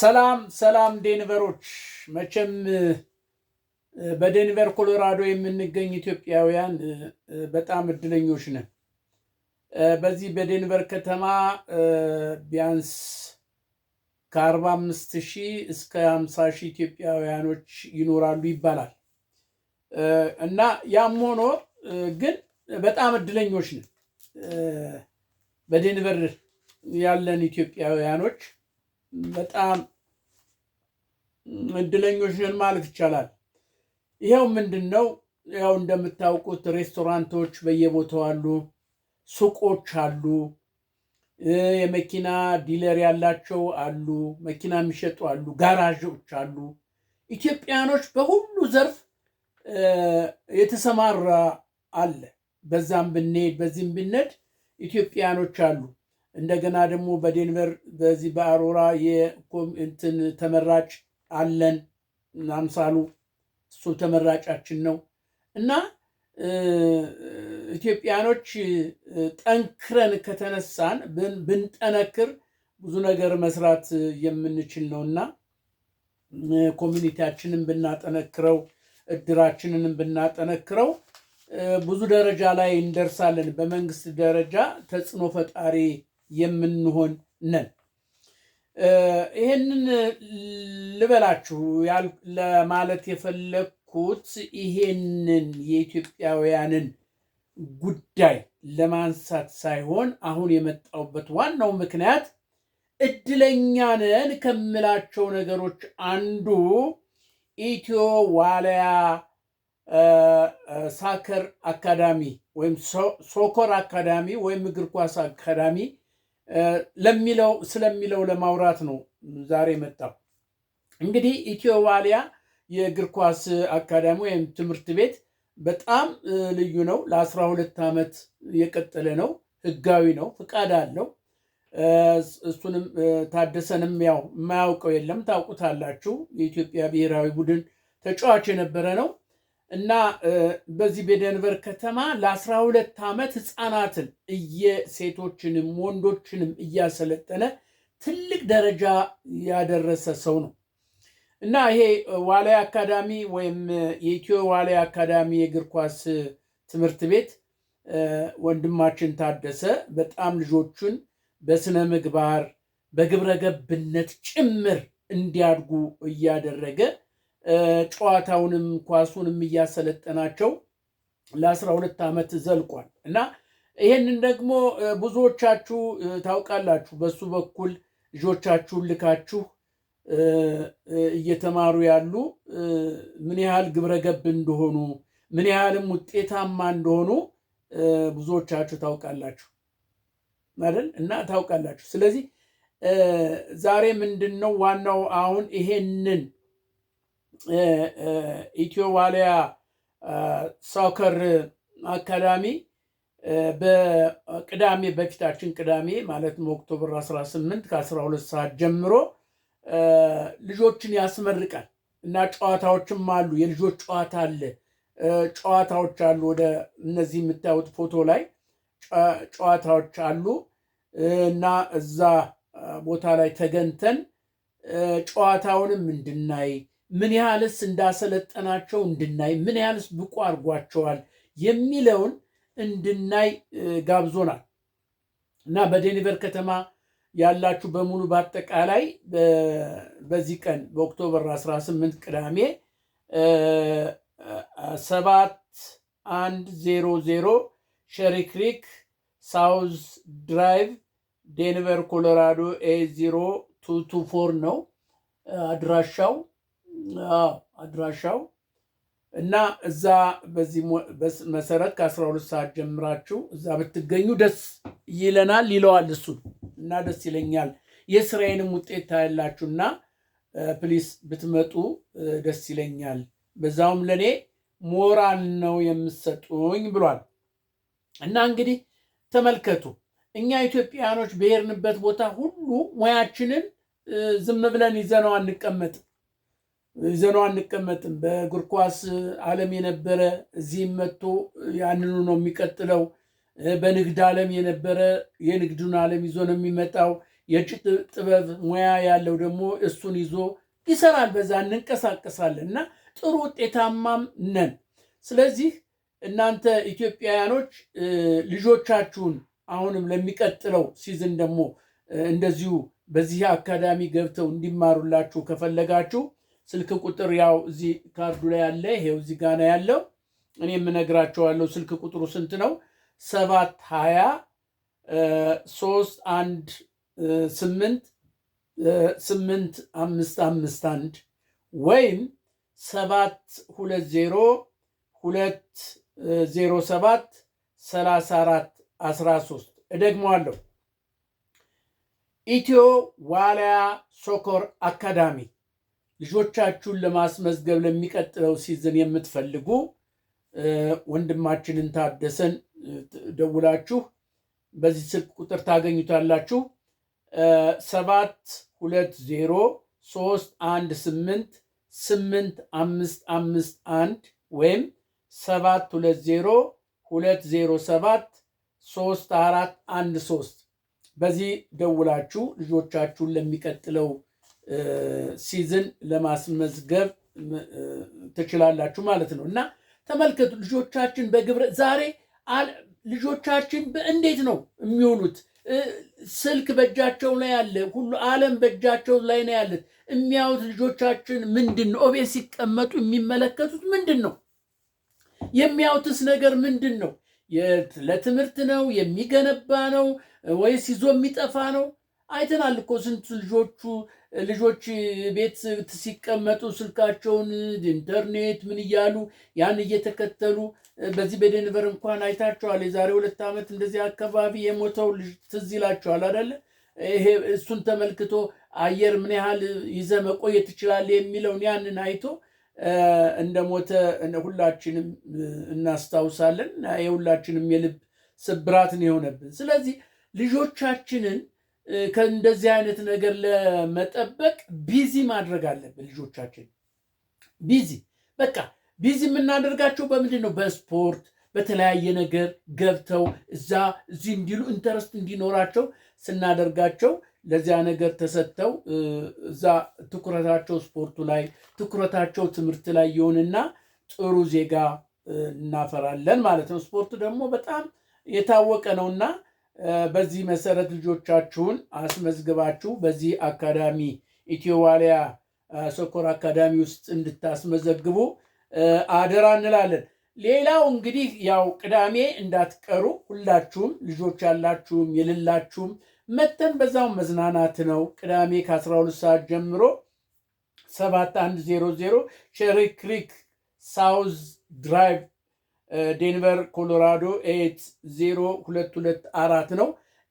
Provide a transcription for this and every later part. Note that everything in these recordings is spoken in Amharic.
ሰላም ሰላም ዴንቨሮች፣ መቼም በዴንቨር ኮሎራዶ የምንገኝ ኢትዮጵያውያን በጣም እድለኞች ነን። በዚህ በዴንቨር ከተማ ቢያንስ ከአርባ አምስት ሺህ እስከ ሀምሳ ሺህ ኢትዮጵያውያኖች ይኖራሉ ይባላል እና ያም ሆኖ ግን በጣም እድለኞች ነን በዴንቨር ያለን ኢትዮጵያውያኖች በጣም እድለኞች ነን ማለት ይቻላል። ይኸው ምንድን ነው ያው እንደምታውቁት ሬስቶራንቶች በየቦታው አሉ፣ ሱቆች አሉ፣ የመኪና ዲለር ያላቸው አሉ፣ መኪና የሚሸጡ አሉ፣ ጋራዦች አሉ። ኢትዮጵያኖች በሁሉ ዘርፍ የተሰማራ አለ። በዛም ብንሄድ በዚህም ብንሄድ ኢትዮጵያኖች አሉ። እንደገና ደግሞ በዴንቨር በዚህ በአሮራ የኮምንትን ተመራጭ አለን አምሳሉ እሱ ተመራጫችን ነው እና ኢትዮጵያኖች ጠንክረን ከተነሳን ብንጠነክር ብዙ ነገር መስራት የምንችል ነው እና ኮሚኒቲያችንን ብናጠነክረው እድራችንንም ብናጠነክረው ብዙ ደረጃ ላይ እንደርሳለን። በመንግስት ደረጃ ተጽዕኖ ፈጣሪ የምንሆን ነን። ይህንን ልበላችሁ ለማለት የፈለግኩት ይሄንን የኢትዮጵያውያንን ጉዳይ ለማንሳት ሳይሆን አሁን የመጣሁበት ዋናው ምክንያት እድለኛ ነን ከምላቸው ነገሮች አንዱ ኢትዮ ዋልያ ሳከር አካዳሚ ወይም ሶኮር አካዳሚ ወይም እግር ኳስ አካዳሚ ለሚለው ስለሚለው ለማውራት ነው ዛሬ መጣው። እንግዲህ ኢትዮዋሊያ የእግር ኳስ አካዳሚ ወይም ትምህርት ቤት በጣም ልዩ ነው። ለአስራ ሁለት ዓመት የቀጠለ ነው። ህጋዊ ነው። ፍቃድ አለው። እሱንም ታደሰንም ያው የማያውቀው የለም ታውቁታላችሁ። የኢትዮጵያ ብሔራዊ ቡድን ተጫዋች የነበረ ነው። እና በዚህ በደንቨር ከተማ ለአስራ ሁለት ዓመት ህፃናትን እየሴቶችንም ወንዶችንም እያሰለጠነ ትልቅ ደረጃ ያደረሰ ሰው ነው እና ይሄ ዋልያ አካዳሚ ወይም የኢትዮ ዋልያ አካዳሚ የእግር ኳስ ትምህርት ቤት ወንድማችን ታደሰ በጣም ልጆቹን በስነ ምግባር በግብረ ገብነት ጭምር እንዲያድጉ እያደረገ ጨዋታውንም ኳሱንም እያሰለጠናቸው ለአስራ ሁለት ዓመት ዘልቋል እና ይህንን ደግሞ ብዙዎቻችሁ ታውቃላችሁ። በሱ በኩል ልጆቻችሁን ልካችሁ እየተማሩ ያሉ ምን ያህል ግብረገብ እንደሆኑ ምን ያህልም ውጤታማ እንደሆኑ ብዙዎቻችሁ ታውቃላችሁ አይደል? እና ታውቃላችሁ። ስለዚህ ዛሬ ምንድን ነው ዋናው አሁን ይሄንን ኢትዮ ዋሊያ ሶከር አካዳሚ በቅዳሜ በፊታችን ቅዳሜ ማለትም ኦክቶበር 18 ከ12 ሰዓት ጀምሮ ልጆችን ያስመርቃል እና ጨዋታዎችም አሉ። የልጆች ጨዋታ አለ፣ ጨዋታዎች አሉ። ወደ እነዚህ የምታዩት ፎቶ ላይ ጨዋታዎች አሉ እና እዛ ቦታ ላይ ተገንተን ጨዋታውንም እንድናይ ምን ያህልስ እንዳሰለጠናቸው እንድናይ፣ ምን ያህልስ ብቁ አድርጓቸዋል የሚለውን እንድናይ ጋብዞናል እና በዴኒቨር ከተማ ያላችሁ በሙሉ በአጠቃላይ በዚህ ቀን በኦክቶበር 18 ቅዳሜ 7100 ሸሪ ክሪክ ሳውዝ ድራይቭ ዴንቨር ኮሎራዶ ኤ 0224 ነው አድራሻው። አድራሻው እና እዛ በዚህ መሰረት ከአስራ ሁለት ሰዓት ጀምራችሁ እዛ ብትገኙ ደስ ይለናል ይለዋል እሱ እና ደስ ይለኛል የስራዬንም ውጤት ታያላችሁና ፕሊስ ብትመጡ ደስ ይለኛል። በዛውም ለእኔ ሞራል ነው የምሰጡኝ ብሏል እና እንግዲህ ተመልከቱ እኛ ኢትዮጵያኖች በሄድንበት ቦታ ሁሉ ሙያችንን ዝም ብለን ይዘነው አንቀመጥም። ይዘነው አንቀመጥም። በእግር ኳስ ዓለም የነበረ እዚህም መጥቶ ያንኑ ነው የሚቀጥለው። በንግድ ዓለም የነበረ የንግዱን ዓለም ይዞ ነው የሚመጣው። የእጅ ጥበብ ሙያ ያለው ደግሞ እሱን ይዞ ይሰራል። በዛ እንንቀሳቀሳለን እና ጥሩ ውጤታማም ነን። ስለዚህ እናንተ ኢትዮጵያውያኖች ልጆቻችሁን አሁንም ለሚቀጥለው ሲዝን ደግሞ እንደዚሁ በዚህ አካዳሚ ገብተው እንዲማሩላችሁ ከፈለጋችሁ ስልክ ቁጥር ያው እዚህ ካርዱ ላይ ያለ ይሄው እዚህ ጋ ነው ያለው። እኔ የምነግራቸዋለሁ ስልክ ቁጥሩ ስንት ነው? ሰባት ሀያ ሶስት አንድ ስምንት ስምንት አምስት አምስት አንድ ወይም ሰባት ሁለት ዜሮ ሁለት ዜሮ ሰባት ሰላሳ አራት አስራ ሶስት እደግመዋለሁ ኢትዮ ዋልያ ሶኮር አካዳሚ ልጆቻችሁን ለማስመዝገብ ለሚቀጥለው ሲዝን የምትፈልጉ ወንድማችንን ታደሰን ደውላችሁ በዚህ ስልክ ቁጥር ታገኙታላችሁ። ሰባት ሁለት ዜሮ ሶስት አንድ ስምንት ስምንት አምስት አምስት አንድ ወይም ሰባት ሁለት ዜሮ ሁለት ዜሮ ሰባት ሶስት አራት አንድ ሶስት በዚህ ደውላችሁ ልጆቻችሁን ለሚቀጥለው ሲዝን ለማስመዝገብ ትችላላችሁ ማለት ነው። እና ተመልከቱ ልጆቻችን በግብረ ዛሬ ልጆቻችን እንዴት ነው የሚሆኑት? ስልክ በእጃቸው ላይ ያለ ሁሉ ዓለም በእጃቸው ላይ ነው ያለት። የሚያዩት ልጆቻችን ምንድን ነው? ቤት ሲቀመጡ የሚመለከቱት ምንድን ነው? የሚያዩትስ ነገር ምንድን ነው? ለትምህርት ነው የሚገነባ ነው ወይስ ይዞ የሚጠፋ ነው? አይተናል እኮ ስንት ልጆቹ ልጆች ቤት ሲቀመጡ ስልካቸውን ኢንተርኔት ምን እያሉ ያን እየተከተሉ በዚህ በደንቨር እንኳን አይታቸዋል። የዛሬ ሁለት ዓመት እንደዚህ አካባቢ የሞተው ልጅ ትዝ ይላቸዋል አደለ? ይሄ እሱን ተመልክቶ አየር ምን ያህል ይዘ መቆየት ይችላል የሚለውን ያንን አይቶ እንደሞተ ሁላችንም እናስታውሳለን። የሁላችንም የልብ ስብራትን የሆነብን። ስለዚህ ልጆቻችንን ከእንደዚህ አይነት ነገር ለመጠበቅ ቢዚ ማድረግ አለብን ልጆቻችን። ቢዚ በቃ ቢዚ የምናደርጋቸው በምንድን ነው? በስፖርት በተለያየ ነገር ገብተው እዛ እዚህ እንዲሉ ኢንተረስት እንዲኖራቸው ስናደርጋቸው ለዚያ ነገር ተሰጥተው እዛ ትኩረታቸው ስፖርቱ ላይ ትኩረታቸው ትምህርት ላይ የሆንና ጥሩ ዜጋ እናፈራለን ማለት ነው። ስፖርቱ ደግሞ በጣም የታወቀ ነውና በዚህ መሰረት ልጆቻችሁን አስመዝግባችሁ በዚህ አካዳሚ ኢትዮዋሊያ ሶኮር አካዳሚ ውስጥ እንድታስመዘግቡ አደራ እንላለን። ሌላው እንግዲህ ያው ቅዳሜ እንዳትቀሩ ሁላችሁም ልጆች ያላችሁም የሌላችሁም መተን በዛው መዝናናት ነው። ቅዳሜ ከ12 ሰዓት ጀምሮ 7100 ቼሪ ሳውዝ ድራይቭ ዴንቨር ኮሎራዶ ኤት ዜሮ ሁለት ሁለት አራት ነው።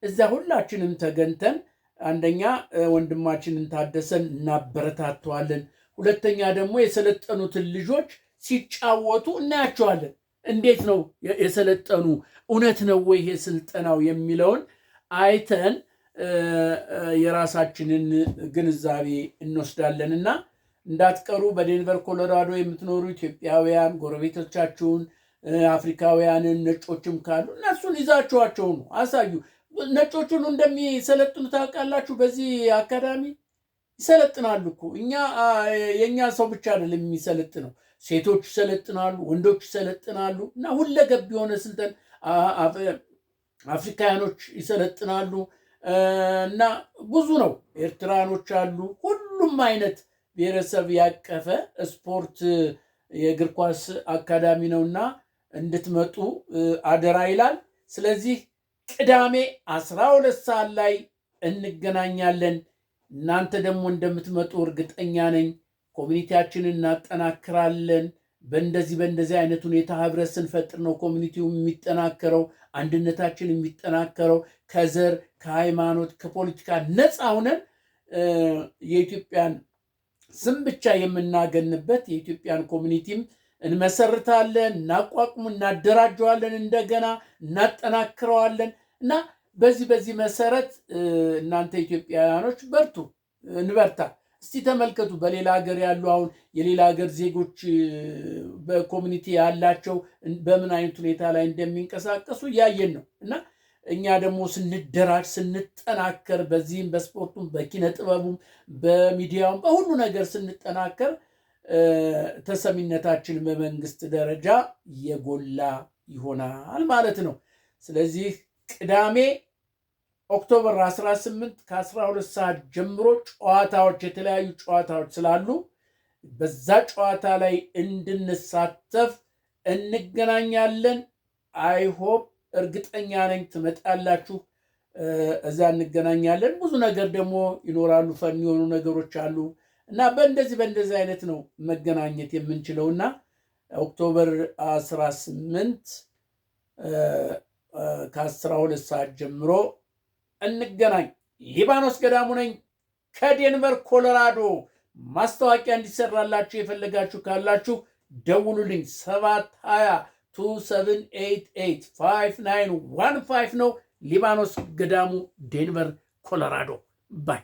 እዚያ ሁላችንም ተገንተን አንደኛ ወንድማችንን ታደሰን እናበረታተዋለን። ሁለተኛ ደግሞ የሰለጠኑትን ልጆች ሲጫወቱ እናያቸዋለን። እንዴት ነው የሰለጠኑ? እውነት ነው ወይ ይሄ ስልጠናው የሚለውን አይተን የራሳችንን ግንዛቤ እንወስዳለን እና እንዳትቀሩ በዴንቨር ኮሎራዶ የምትኖሩ ኢትዮጵያውያን ጎረቤቶቻችሁን አፍሪካውያንን ነጮችም ካሉ እነሱን ይዛችኋቸው ነው አሳዩ። ነጮቹን እንደሚሰለጥኑ ታውቃላችሁ። በዚህ አካዳሚ ይሰለጥናሉ እኮ እኛ የእኛ ሰው ብቻ አይደለም የሚሰለጥነው፣ ሴቶች ይሰለጥናሉ፣ ወንዶች ይሰለጥናሉ። እና ሁለገብ የሆነ ስልጠን አፍሪካውያኖች ይሰለጥናሉ። እና ብዙ ነው። ኤርትራኖች አሉ። ሁሉም አይነት ብሔረሰብ ያቀፈ ስፖርት የእግር ኳስ አካዳሚ ነው እና እንድትመጡ አደራ ይላል። ስለዚህ ቅዳሜ አስራ ሁለት ሰዓት ላይ እንገናኛለን። እናንተ ደግሞ እንደምትመጡ እርግጠኛ ነኝ። ኮሚኒቲያችንን እናጠናክራለን። በእንደዚህ በእንደዚህ አይነት ሁኔታ ህብረት ስንፈጥር ነው ኮሚኒቲው የሚጠናከረው፣ አንድነታችን የሚጠናከረው። ከዘር ከሃይማኖት፣ ከፖለቲካ ነፃ ሁነን የኢትዮጵያን ስም ብቻ የምናገንበት የኢትዮጵያን ኮሚኒቲም እንመሰርታለን፣ እናቋቁሙ፣ እናደራጀዋለን፣ እንደገና እናጠናክረዋለን እና በዚህ በዚህ መሰረት እናንተ ኢትዮጵያውያኖች በርቱ፣ እንበርታ። እስቲ ተመልከቱ በሌላ ሀገር ያሉ አሁን የሌላ ሀገር ዜጎች በኮሚኒቲ ያላቸው በምን አይነት ሁኔታ ላይ እንደሚንቀሳቀሱ እያየን ነው እና እኛ ደግሞ ስንደራጅ ስንጠናከር፣ በዚህም በስፖርቱም በኪነ ጥበቡም በሚዲያውም በሁሉ ነገር ስንጠናከር ተሰሚነታችን በመንግስት ደረጃ የጎላ ይሆናል ማለት ነው። ስለዚህ ቅዳሜ ኦክቶበር 18 ከ12 ሰዓት ጀምሮ ጨዋታዎች የተለያዩ ጨዋታዎች ስላሉ በዛ ጨዋታ ላይ እንድንሳተፍ እንገናኛለን። አይሆፕ እርግጠኛ ነኝ ትመጣላችሁ። እዛ እንገናኛለን። ብዙ ነገር ደግሞ ይኖራሉ፣ ፈን የሆኑ ነገሮች አሉ። እና በእንደዚህ በእንደዚህ አይነት ነው መገናኘት የምንችለው እና ኦክቶበር 18 ከ12 ሰዓት ጀምሮ እንገናኝ። ሊባኖስ ገዳሙ ነኝ ከዴንቨር ኮሎራዶ። ማስታወቂያ እንዲሰራላችሁ የፈለጋችሁ ካላችሁ ደውሉልኝ። 720 72027885915 ነው። ሊባኖስ ገዳሙ ዴንቨር ኮሎራዶ ባይ